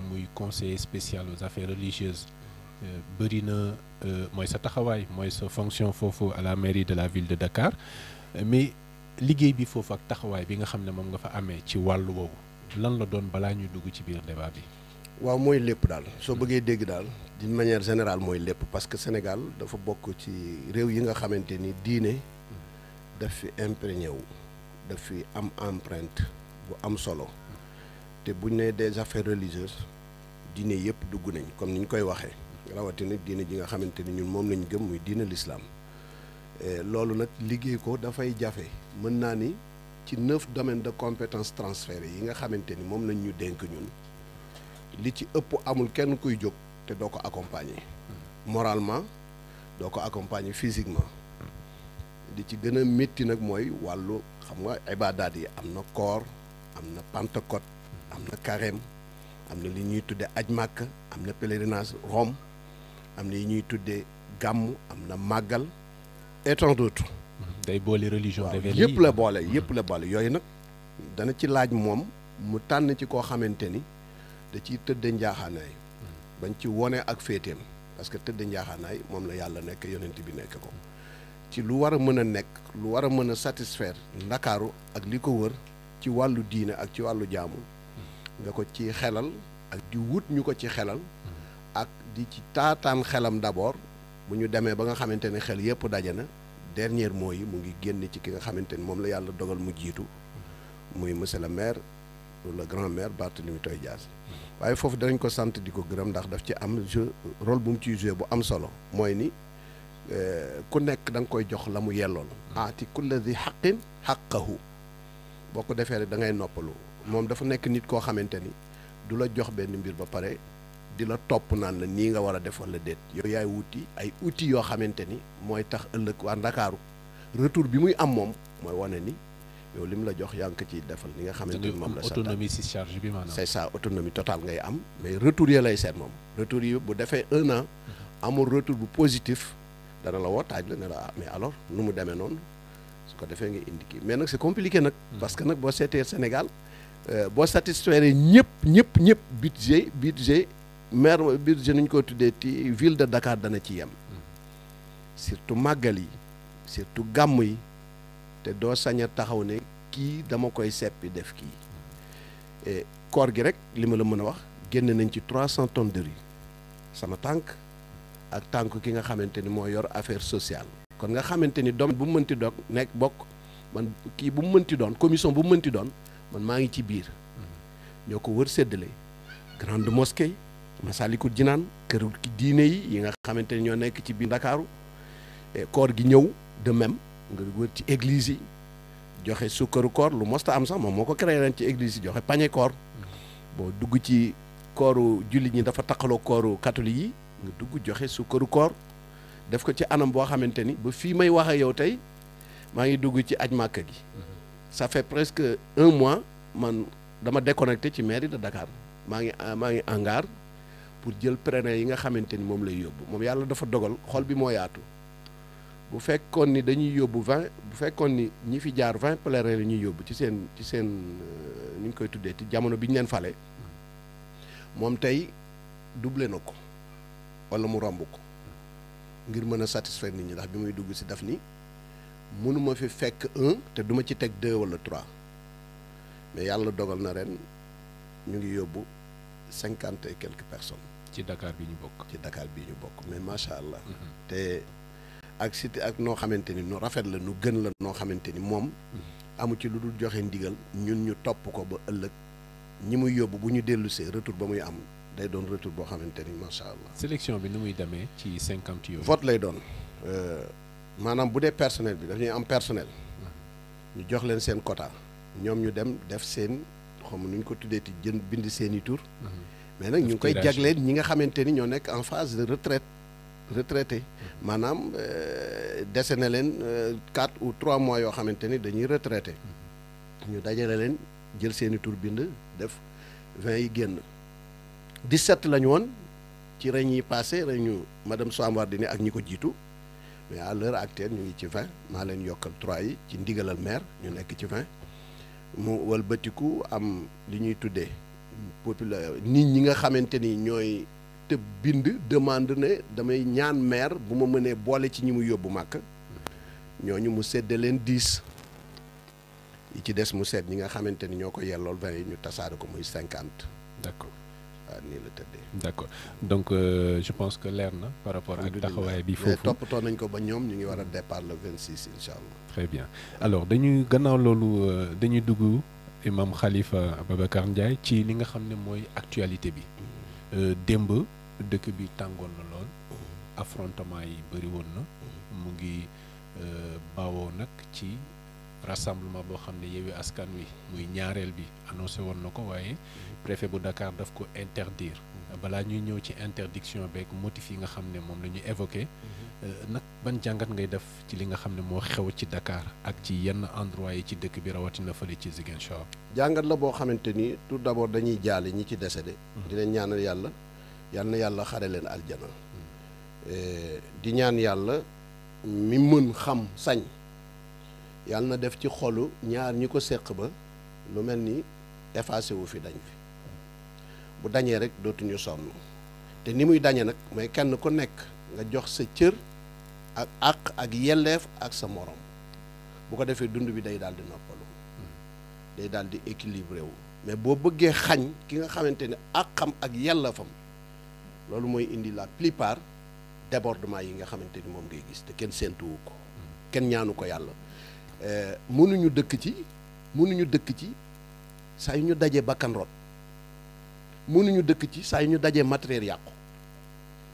muy conseiller spécial aux affaires religieuses euh, bëri na euh, mooy sa taxawaay mooy sa fonction foofu la mairie de la ville de Dakar euh, mais liggéey bi foofu ak taxawaay bi nga xam ne moom nga fa amee ci wàllu woowu lan la doon balaa ñuy dugg ci biir débat bi. waaw mooy lépp daal soo bëggee dégg daal di manière générale mooy lépp parce que Sénégal dafa bokk ci réew yi nga xamante ni diine daf fi imprégné wu daf fi am empreinte bu am solo. te bu ñu nee des affaires religieuses diine yëpp dugg nañ comme ni ñu koy waxee rawatina diine ji nga xamante ni ñun moom lañu gëm muy diine l'islam eh, loolu nag liggéey ko dafay jafe mën naa ni ci neuf domaines de compétence transférées yi nga xamante ni moom lañ ñu dénk ñun li ci ëpp amul kenn kuy jóg te doo ko accompagner moralement doo ko accompagner physiquement di ci gën a métti nag mooy wàllu xam nga ibaadaat yi am na koor am na Pentecôte am na carême am na li ñuy tudde aj màkk am na pèlerinage Rome am na yi ñuy tudde gàmm am na màggal et tant d'autres boole religion yëpp la boole yëpp la boole yooyu nag dana ci laaj moom mu tànn ci koo xamante ni da ciy tëdde njaaxaanaay bañ ci wone ak féeteem parce que tëdd njaaxaanaay moom la yàlla nekk yonent bi nekk ko ci lu war a mën a nekk lu war a mën a satisfaire ndakaaru ak li ko wër ci wàllu diine ak ci wàllu jaamu nga ko ci xelal ak di wut ñu ko ci xelal ak di ci taataan xelam d'abord bu ñu demee ba nga xamante ne xel yépp daje na dernier mot yi mu ngi génn ci ki nga xamante ni moom la yàlla dogal mu jiitu muy monsieur le maire le grand maire Barthélémy Toye Dias waaye foofu danañ ko sant di ko gërëm ndax daf ci am jeu role bu mu ci joué bu am solo mooy ni euh, ku nekk da nga koy jox la mu yellool mm. aati kulli di xaqin xaqahu boo ko defee rek da ngay noppalu moom dafa nekk nit koo xamante ni du la jox benn mbir ba pare di la topp naan la nii nga war a def la det yow yaay wuti ay outils yoo xamante ni mooy tax ëllëg waa ndakaaru retour bi muy am moom mooy wane ni yow li mu la jox yaa ci defal li nga xamante ni moom la sa autonomie si charge bi maanaam c'est ça autonomie totale ngay am mais retour yi lay seet moom retour yi bu defee un an amul retour bu positif dana la wootaaj la ne la ah mais alors nu mu demee noonu su ko defee nga indi kii mais nag c'est compliqué nag hmm. parce que nag boo seetee Sénégal Euh, boo satisfaire ñëpp ñëpp ñëpp budget budget maire budget nu ñu tuddee ti ville de Dakar dana ci yem surtout màggal yi surtout gàmm yi te doo sañ taxaw ne kii dama koy seppi def kii koor gi rek li ma la mën a wax génn nañ ci trois cent tonnes de riz sama tànk ak tànk ki nga xamante ni moo yor affaire sociale kon nga xamante ni doom bu mënti doon nekk bokk man kii bu mu mënti doon commission bu mu mënti doon man maa ngi ci biir ñoo ko wër séddale grande mosquée Massalikul Jinaan kër ki diine yi yi nga xamante ne ñoo nekk ci biir Ndakaaru koor gi ñëw de même nga wër ci église yi joxe sukkaru koor lu mosta am sax moom moo ko créé ren ci eglise yi joxe pañe koor boo dugg ci kooru jullit ñi dafa taqaloo kooru catholique yi nga dugg joxe sukkaru koor def ko ci anam boo xamante ni ba fii may waxee yow tey maa ngi dugg ci aj màkk gi ça fait presque un mois man dama déconnecté ci mairie de Dakar maa ngi euh, maa ngi hangar pour jël preneur yi nga xamante ni moom lay yóbbu moom yàlla dafa dogal xol bi moo yaatu bu fekkoon ni dañuy yóbbu vingt bu fekkoon ni ñi fi jaar vingt pèlerins la ñuy yóbbu ci seen ci seen euh, ñu ngi koy tuddee ci jamono bi ñu leen fale moom tey doublé na ko wala mu romb ko ngir mën a satisfaire nit ñi ndax bi muy dugg si daf ni mënuma fi fekk un te duma ci teg deux wala trois mais yàlla dogal na ren ñu ngi yóbbu cinquante et quelques personnes. ci Dakar bi ñu bokk. ci Dakar bi ñu bokk mais macha allah. Mm-hmm. te ak cité ak noo xamante ni nu rafet la nu gën la noo xamante ni moom. Mm-hmm. amu ci lu dul joxe ndigal ñun ñu topp ko ba ëllëg ñi muy yóbbu bu ñu dellusee retour ba muy am day doon retour boo xamante ni macha allah. sélection bi nu muy demee ci cinquante yooyu. vote lay doon. Euh, maanaam bu dee personnel bi dañuy am personnel ñu jox leen seen quota ñoom ñu dem def seen xaw ma nu ñu ko tuddee ti jën bind seen i tur. mais nag ñu ngi koy jagleen ñi nga xamante ni ñoo nekk en phase de retraite retraité maanaam euh, dese na leen euh, quatre ou trois mois yoo xamante ni dañuy retraité ñu dajale leen jël seen i tur bind def vingt yi génn 17 la ñu woon ci reñ yi passé reñu madame Soham Wardini ak ñi ko jiitu. mais à l'heure actuelle ñu ngi ci 20 maa leen yokkal 3 yi ci ndigalal maire ñu nekk ci 20 mu walbatiku am li ñuy tuddee populaire nit ñi nga xamante ni ñooy te bind demande ne damay ñaan maire bu ma mënee boole ci ñi mu yóbbu màkk ñooñu mu seddee leen 10 yi ci des mu seet ñi nga xamante ni ñoo ko yellool 20 yi ñu tasaare ko muy 50. d'accord. waaw nii donc euh, je pense que leer na par rapport ak taxawaay bi foofu toppatoo nañ ko ba ñoom ñu ngi war a départ le 26 incha allah. très bien alors dañuy gannaaw loolu euh, dañuy dugg imam xalifa Ababacar Ndiaye ci li nga xam ne mooy actualité bi mm. euh, démb dëkk bi tàngoon la lool mm. affrontement yi bëri woon na mm. mu ngi euh, bawoo nag ci. rassemblement boo xam ne Yewwi Askan Wi muy ñaareel bi annoncé woon na ko waaye préfet bu Dakar daf ko interdire balaa ñuy ñëw ci interdiction beeg motif yi nga xam ne moom la ñu évoqué euh, nag ban jàngat ngay def ci li nga xam ne moo xew ci Dakar ak ci yenn endroit yi ci dëkk bi rawatina fële ci Ziguinchor. jàngat la boo xamante ni tout d'abord dañuy jaale ñi ci décédé. Hmm. dina ñaanal yàlla yal yàlla xare leen aljana hmm. euh, di ñaan yàlla mi mën xam sañ. yàlla na def ci xolu ñaar ñi ko séq ba lu mel ni effacé wu fi dañ fi bu dañee rek dootuñu sonn te ni muy dañe nag mooy kenn ku nekk nga jox sa cër ak àq ak yelleef ak sa morom bu ko defee dund bi day daal di noppalu day daal di équilibré wu mais boo bëggee xañ ki nga xamante ne àqam ak yelleefam loolu mooy indi la plupart débordement yi nga xamante ni moom ngay gis te kenn séentuwu ko kenn ñaanu ko yàlla Euh, mënuñu dëkk ci mënuñu dëkk ci saa yu ñu dajee bakkan rot mënuñu dëkk ci saa yu ñu dajee matériel yàqu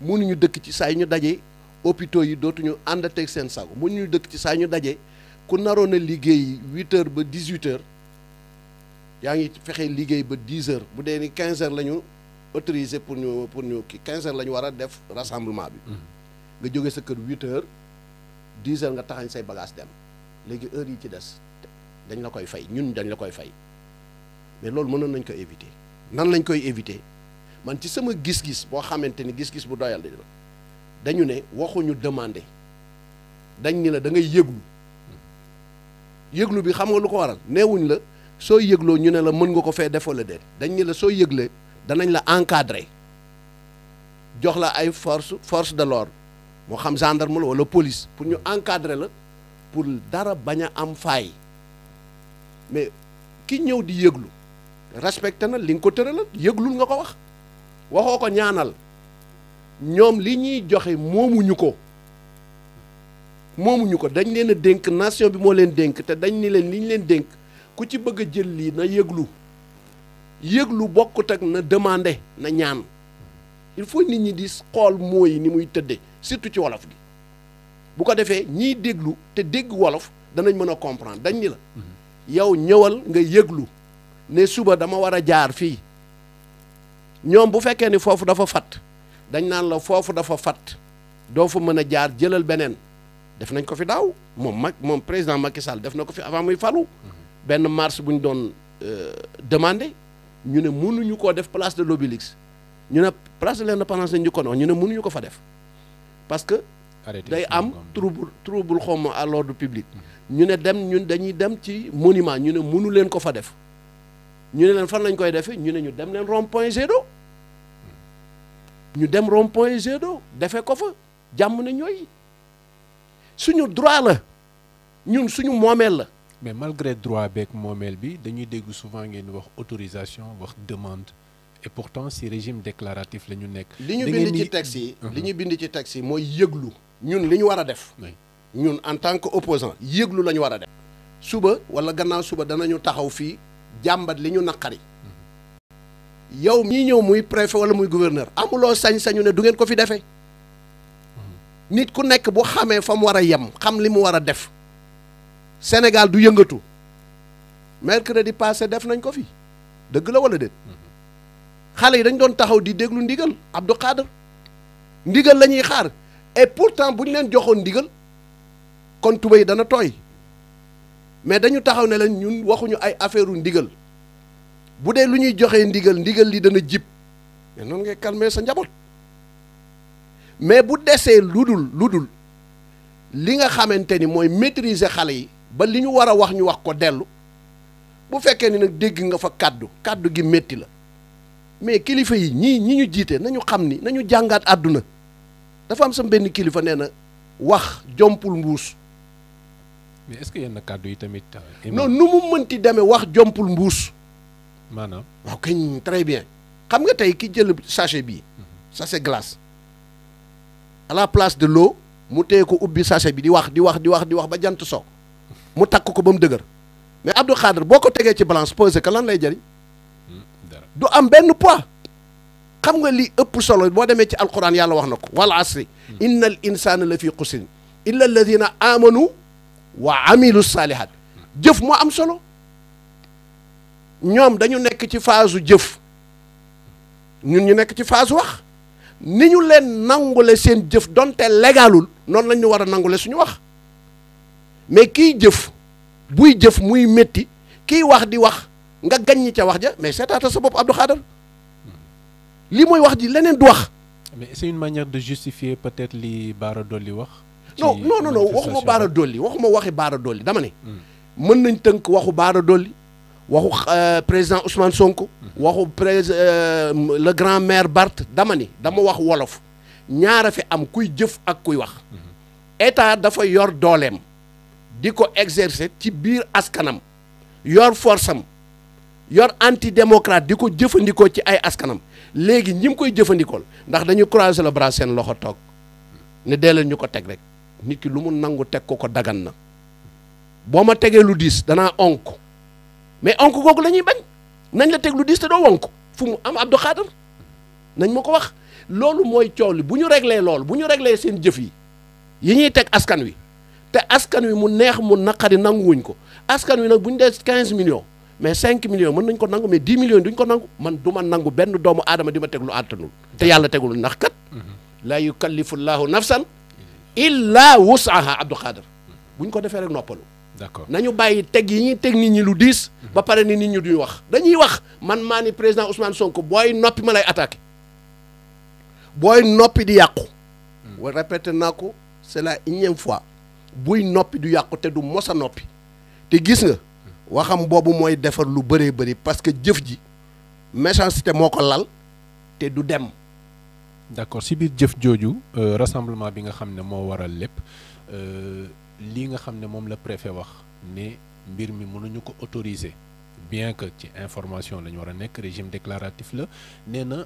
mënuñu dëkk ci saa yu ñu dajee hôpitaux yi dootuñu ànd teg seen sago mënuñu dëkk ci saa yu ñu dajee ku naroon a liggéey huit heures ba dix huit yaa ngi fexe liggéey ba dix heures bu dee ni quinze heures la ñu autorisé pour ñu pour ñu kii quinze heures la ñu war a def rassemblement bi. Mm-hmm. nga jóge sa kër huit heures dix nga taxañ say bagages dem. léegi heure yi ci des dañ la koy fay ñun dañ la koy fay mais loolu mënoon nañ ko éviter nan lañ koy éviter man ci sama gis-gis boo xamante ni gis-gis bu doyal la dañu ne waxuñu demander dañ ni la da ngay yëglu yëglu bi xam nga lu ko waral neewuñ la soo yëgloo ñu ne la mën nga ko fee defoo la déet dañ ni la soo yëgle danañ la encadrer jox la ay force force de l'ordre moo xam gendarme la wala police pour ñu encadrer la pour dara bañ a am faay mais ki ñëw di yëglu respecté na li nga ko tëralal yëglul nga ko wax waxoo ko ñaanal ñoom li ñuy joxe moomuñu ko moomuñu ko dañ leen dénk nation bi moo leen dénk te dañ ni leen li ñu leen dénk ku ci bëgg jël lii na yëglu yëglu bokkut ak na demandé na ñaan il faut nit ñi di xool mooy ni muy tëddee surtout ci wolof gi bu ko defee ñii déglu te dégg wolof danañ mën a comprendre dañ ni la yow ñëwal nga yéglu ne suba dama war a jaar fii ñoom bu fekkee ni foofu dafa fat dañ naan la foofu dafa fat doo fa mën a jaar jëlal beneen def nañ ko fi daaw moom mag moom président Macky Sall def na ko fi avant muy falu benn marche bu ñu doon euh, demandé ñu ne mënuñu koo def place de l'Obélisque ñu ne place de l'Indépendance lañ ñu ko noonu ñu ne munuñu ko fa def parce day am trouble trouble xawma à l'ordre public ñu ne dem ñun dañuy dem ci monument ñu ne mënu leen ko fa def ñu ne leen fan lañ koy defee ñu ne ñu dem leen rond point ñu dem rompoint point defee ko fa jàmm na ñooy suñu droit la ñun suñu moomeel la mais malgré droit beeg moomeel bi dañuy dégg souvent ngeen wax autorisation wax demande et pourtant si régime déclaratif la ñu nekk. li ñu bind ci texte yi uh-huh. li ñu bind ci texte yi mooy yëglu ñun li ñu war a def ñun en tant que opposant yëglu lañu ñu war a def suba wala gannaaw suba danañu taxaw fii jàmbat li ñu naqari yow mii ñëw muy préfet wala muy gouverneur amuloo sañ-sañu ne du ngeen ko fi defee nit ku nekk bu xamee fa mu war a yem xam li mu war a def Sénégal du yëngatu mercredi passé def nañ ko fi dëgg la wala déet mm-hmm. xale yi dañ doon taxaw di déglu ndigal Abdou Khader ndigal la ñuy xaar et pourtant bu ñu leen joxoon ndigal kon tubéy dana tooy mais dañu taxaw ne leen ñun waxuñu ay affaire u ndigal bu dee lu ñuy joxee ndigal ndigal li dana jib mais noonu ngay calmer sa njaboot mais bu desee lu dul lu dul li nga xamante ni mooy maîtriser xale yi ba li ñu war a wax ñu wax ko dellu bu fekkee ni nag dégg nga fa kàddu kàddu gi métti la mais kilifa yi ñii ñi ñu jiite nañu xam ni nañu jàngaat àdduna dafa am sa benn kilifa nee na wax jompul mbuus. mais est-ce que yenn kàddu yi tamit. Euh, non nu mu mënti demee wax jompul mbuus. maanaam waaw ah, kañ très bien. xam nga tey ki jël sachet bii. Mhm. sachet glace. à la place de l'eau mu téye ko ubbi sachet bi di wax di wax di wax di wax ba jant so. mu takk ko ba mu dëgër. mais Abdou Khadre boo ko tegee ci balance pesé que lan lay jëriñ. Hmm, du am benn poids. xam nga li ëpp solo boo demee ci alquran yàlla wax na ko wal asri inna al insana la fi xusrin illa alladina amanu wa amilu saalihat jëf moo am solo ñoom dañu nekk ci phase jëf ñu ñu nekk ci phase wax ni ñu leen nangule seen jëf donte légalul noonu lañ ñu war a nangule suñu wax mais kiy jëf buy jëf muy métti kiy wax di wax nga gaññi ca wax ja mais seetaata sa bopp Abdou Khader lii mooy wax ji leneen du wax. mais c'est manière de justifier peut-être li Baara Dolli wax. non non non non waxuma Baara Dolli waxuma waxi Baara Dolli dama ne. Hmm. mën nañ tënk waxu Baara Dolli waxu euh, président Ousmane sonk hmm. waxu prés euh, le grand maire Barth dama ni dama wax wolof ñaara fi am kuy jëf ak kuy wax. Hmm. état dafa yor dooleem. di ko exercer ci biir askanam. yor force am yor antidémocrate di ko jëfandikoo ci ay askanam. léegi ñi mu koy jëfandikool ndax dañuy croiser la bras seen loxo toog ne dee leen ñu ko teg rek nit ki lu mu nangu teg ko ko dagan na boo ma tegee lu diis danaa onk mais onk googu lañuy ñuy bañ nañ la teg lu diis te doo wonk fu mu am Abdou Khadre nañ ma ko wax loolu mooy coow li bu ñu reglee lool bu ñu reglee seen jëf yi yi ñuy teg askan wi te askan wi mu neex mu naqari nanguwuñ ko askan wi nag bu ñu dee 15 millions. mais 5 millions mën nañ ko nangu mais 10 millions duñ ko nangu man du ma nangu benn doomu aadama di ma teg lu àttanul te yàlla tegul ndax kat mhm. laa yukallifu llaahu nafsan illa wusaha abdou xaadar buñ ko defee rek noppalu nañu bàyyi teg yi ñuy teg nit ñi lu diis ba mhm. pare ni nit ñi duñu wax dañuy wax man maa ni président Ousmane sonk booy noppi ma lay attaqué booy noppi di yàqu mhm. wa répété naa c'est la énième fois buy noppi du yàqu te du mos a noppi te gis nga waxam boobu mooy defar lu bëree bëri parce que jëf ji méchanceté moo ko lal te du dem. d'accord si biir jëf jooju euh, rassemblement bi nga xam ne moo waral lépp euh, lii nga xam ne moom la préfet wax ne mbir mi mënuñu ko autoriser bien que ci information lañu ñu war a nekk régime déclaratif la nee na.